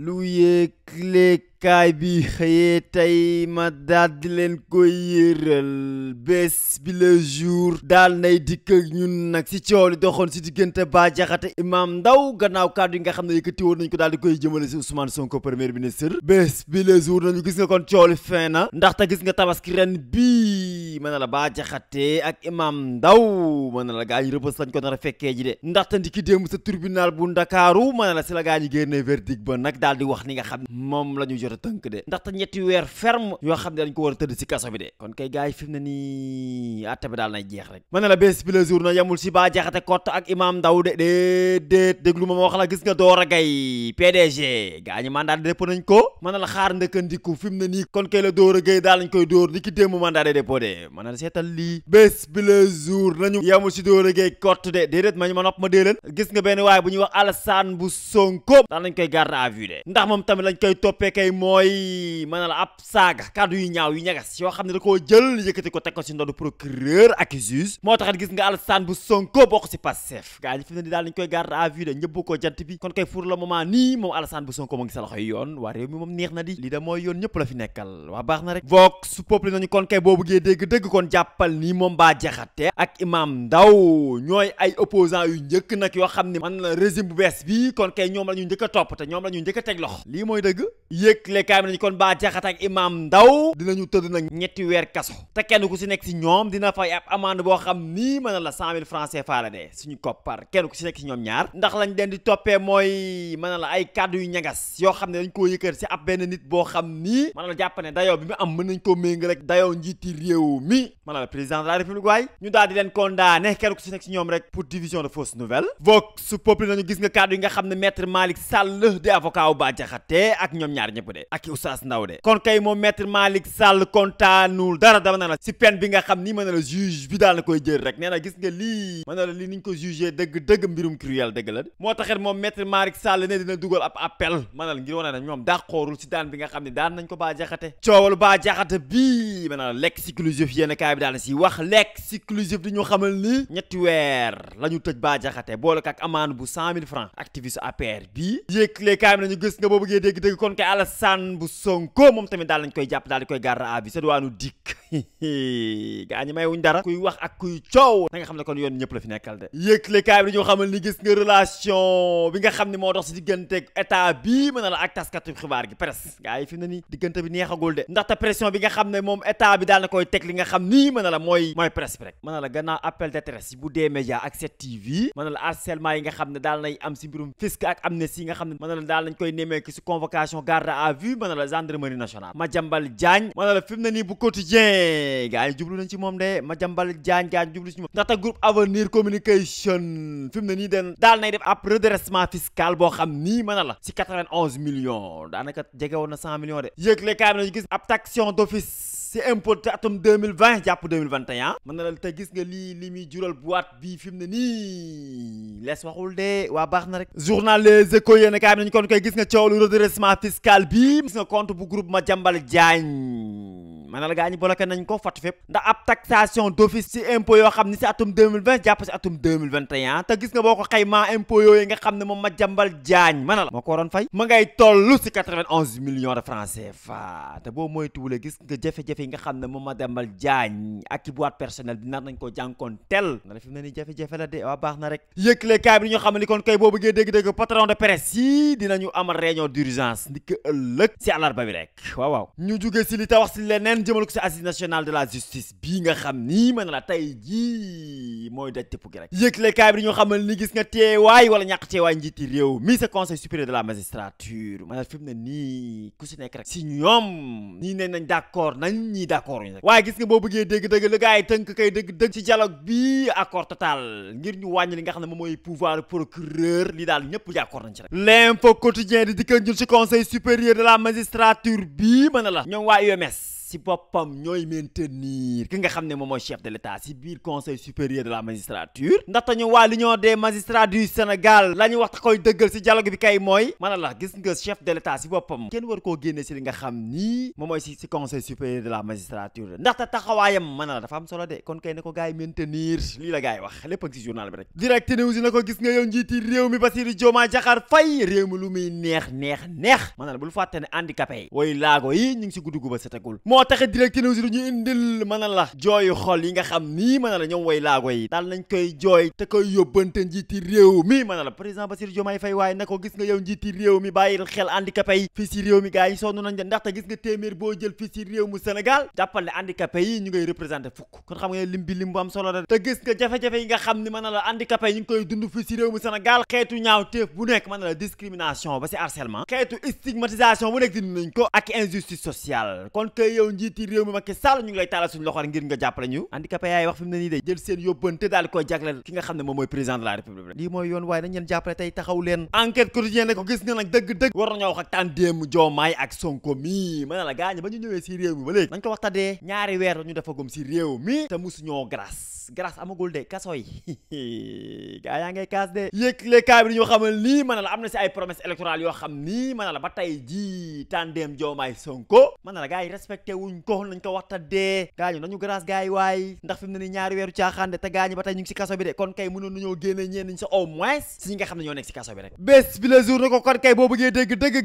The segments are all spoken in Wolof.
Louis Click. yéenekaay bi xëyee tey ma di leen koy yéeral bés bi le jour daal nay dikk ak ñun nag ci coow li doxoon ci diggante baa Diakhaté Imam ndaw gannaaw kàddu yi nga xam ne yëkkati woon nañu ko daal di koy jëmale ci Ousmane Sonko premier ministre bés bi le jour nañu gis nga kon coow li ndaxte gis nga tabaski ren bii mën na la baa Diakhaté ak Imam ndaw mën na la gaa yi rëbës lañ ko nar a fekkee ji de ndaxte ndiki démb sa tribunal bu Ndakaaru mën na la ci yi génnee verdict ba nag daal wax ni nga xam moom la ñu a tënk de ndaxte ñetti weer ferme yoo xam ne dañ ko war a tëdd si kaso bi ma ne la bés bi le jour na yemul si baa jaxate kott ak imam ndaw de déedéet déglu ma ma wax la a gay PDG a daal nañu si door a gay kott de déedéet mañu ma nopp ma dee leen gis nga benn waaye bu ñuy wax Alassane bu Sonko daal lañ koy garde à de ndax moom tamit lañ koy toppee kay mooy mën na la ab saaga kàddu yu ñaaw yu ñagas yoo xam ne da koo jël yëkkati ko teg ko si ndodd procureur ak juge moo taxit gis nga Alassane bu Sonko bokk si Pastef gaa ñi fi ne daal dañ koy garde à de ñëpp ko jant bi kon kay pour le nii moom Alassane bu Sonko mu ngi sa loxoy yoon waa réew mi moom neex na di lii da mooy yoon ñëpp la fi nekkal waa baax na rek vox populi nañu kon boo bëggee dégg-dégg kon jàppal nii moom baa jaxate bu bees bi kon a topp te ñoom la ñu yëkkale kaay nañu kon Bah ak Imam Ndao dinañu tëdd nag ñetti weer kaso te kenn ku si nekk si ñoom dina fay ab amende boo xam nii mën na la cent mille francs CFA la ñaar ndax lañ leen di toppee mooy mën la ay kàddu yu ñagas yoo xam ne dañ koo yëkkër si ab benn nit boo xam nii mën la jàpp ne bi mu am mën nañ koo méngale rek dayoo njiiti réew mi mën la président de la république ñu daal di leen condamné kenn ku si nekk si ñoom rek pour division de fausses nouvelles vox populi nañu gis nga kàddu yi nga de ak oustaz Ndaw de kon kay moom maître Malick Sall kontaanul dara dama na la si peine bi nga xam ni mën na la juge bi daal na koy jël rek nee gis nga lii mën na la lii niñ ko jugé dëgg dëgg mbirum cruel dëgg la moo taxit moom maître Malick Sall ne dina dugal ab appel mën na la ngir wane na ñoom dàqoorul si daan bi nga xam ne daan nañ ko baa jaxate coowalu baa jaxate bii mën na la l'exclusif yéen kaay bi daal si wax l'exclusif di ñu xamal ñu tëj Alassane bu Sonko moom tamit daal lañ koy jàpp daal di koy garde à vue sa duwaanu dikk gaa ñi may wuñ dara kuy wax ak kuy coow na nga xam ne kon yoon ñëpp la fi nekkal de yëgle kaay bi dañoo xamal ni gis nga relation bi nga xam ne la ak taskatu xibaar gi presse gaa bi neexagul de moom état bi daal na koy teg li nga xam nii mën na la mooy mooy presse bi rek mën na la gannaaw appel de détresse bu dee média ak 7TV mën na la harcèlement yi nga xam ne daal nay am si mbirum fisc ak amnistie nga xam ne mën na la daal vue ma ne la gendarmerie nationale Madiambal Diagne ma ne la fi mu ne nii bu quotidien gars yi jublu nañ ci moom de Madiambal Diagne gars yi jublu ci moom ndaxte groupe avenir communication fi mu ne nii den daal nay def ab redressement fiscal boo xam nii ma la si 91 millions daanaka jege woon na 100 millions de yëgle kaay bi nañu gis ab taxation d'office si impôt te atum 2020 jàpp 2021 mën na la te gis nga lii li muy jural boîte bi fi mu ne nii les waxul de waa baax na rek journal Les Échos yéen kaay bi nañu kon koy gis nga coow lu redressement fiscal bi gis nga compte bu groupe Madiambal Diagne maanaam la gaa ñi bloqué nañ ko fat fépp ndax ab taxation d'office ci impôt yoo xam ni ci atum jàpp ci atum te gis nga boo ko xaymaa impôt yooyu nga xam ne moom ma jàmbal jaañ ma ne la moo ko waroon fay ma ngay toll ci 91 millions de francs CFA te boo moytuwulee gis nga jafe-jafe yi nga xam ne moom ma jàmbal jaañ ak ci personnel bi nañ ko jànkoon tel na la fi mu ne ni jafe-jafe la de waa baax na rek yëkkale kaay bi ñu kenn jëmal ko ci assise nationale de la justice bii nga xam nii mën la tey jii mooy daj tëpp gi rek yëglekaay bi dañoo xamal ni gis nga teewaay wala ñàkk teewaay njiiti réew mi sa conseil supérieur de la magistrature maanaam fi mu nii ku si nekk rek si ñoom ñii ne nañ d'accord nañ ñii d'accord uñu rek waaye gis nga boo bëggee dégg-dëgg la gars yi tënk kay ci dialogue bi accord total ngir ñu wàññi li nga xam ne moom mooy pouvoir procureur li daal ñëpp d'accord nañ ci rek l'info quotidien di dikkal ñun ci conseil supérieur de la magistrature bii mën na la ñoom si boppam ñooy maintenir ki nga xam ne moom mooy chef de l'état si biir conseil supérieur de la magistrature ndaxte ñu waa l'union des magistrats du Sénégal la ñu wax koy dëggal si dialogue bi kay mooy mana la gis nga chef de l'état si boppam kenn war koo génne si li nga xam nii moo mooy si si conseil supérieur de la magistrature ndaxte taxawaayam mana la dafa am solo de kon kay ne ko gars yi maintenir lii la gars yi wax lépp si journal bi rek direct news na ko gis nga mi Bassirou Diomaye Diakhar Faye réew lu muy neex neex neex mana la bul fàtte ne handicapé yi wooy laago yi ñu ngi si guddugu ba setagul moo moo taxit direct yi nga xam nii a la ñoom way laago yi daal nañ koy jooy te koy yóbbante njiiti réew mi mën a la président Bassirou Diomaye Faye waaye na gis nga yow njiiti réew mi bàyyil xel handicapé yi fii si réew mi gars yi sonn nañ de ndaxte gis nga téeméer boo jël fii si réew mu Sénégal jàppal ne handicapé yi ñu ngay représenté fukk kon xam nga lim bi lim bu am solo la te gis nga jafe yi nga xam ni mën a la handicapé yi ñu ngi koy dund fii si réew mu Sénégal xeetu ñaaw téef bu nekk mën a la discrimination ba si harcèlement xeetu stigmatisation bu nekk dund nañ ko ak injustice sociale kon kay yow njiiti réew mi Macky Sall ñu ngi lay taalal suñu loxo ngir nga jàppale ñu handicapé yaay wax fi ne nii de jël seen yóbbante daal koy jagleel ki mooy yoon waaye dañ leen jàppale tey taxaw leen enquête quotidien ne ko gis nga nag dëgg-dëgg war nañoo wax ak tàndeem Diomaye ak Sonko mi mën na la gaañ ba ñu ñëwee si réew mi ba léegi nañ ko waxtaanee ñaari weer la ñu defagum si réew mi te musu ñoo grâce grâce amagul de kaso yi gaa yaa ngay kaas de yoo xam nii mën na la ba tey ji tàndeem wuñ ko nañ ko waxta dee gaañu nañu grâce gars yi waay ndax fi mu ne ni génne ñeen nañ sa au moins si ñi nga xam ne ñoo nekk si kaso bi rek bés bi la jour ne ko kay boo bëggee dégg dëgg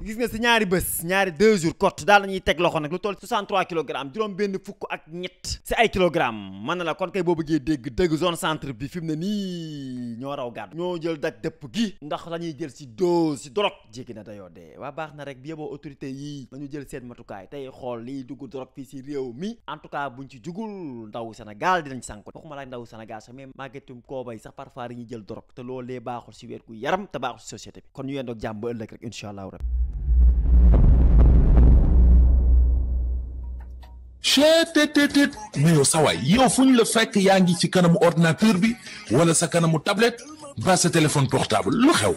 gis nga si ñaari bés ñaari deux jours cote daal nañuy teg loxo nag lu toll 63 kilogramme juróom benn fukk ak ñett si ay kilogramme mën na la kon kay boo bëggee dégg dëgg zone centre bi fi ne nii ñoo raw gàddu ñoo jël dak dëpp gi ndax dañuy jël si dose si dorog jekki na dayoo dee waa baax na rek bi yeboo autorité yi nañu jël seen matukaay tey xool liy dugg dorog fii si réew mi en tout cas buñ ci jugul ndaw Sénégal dinañ sànko waxuma laa ndaw Sénégal sax mais màggetum koobay sax parfois yi jël dorog te loolee baaxul si wér gu yaram te société bi kon ñu yendoog jàmm ba ëllëg rek incha allahu rab yow sawaay yow fu ñu la fekk yaa ngi ci kanamu ordinateur bi wala sa kanamu tablette ba sa téléphone portable lu xew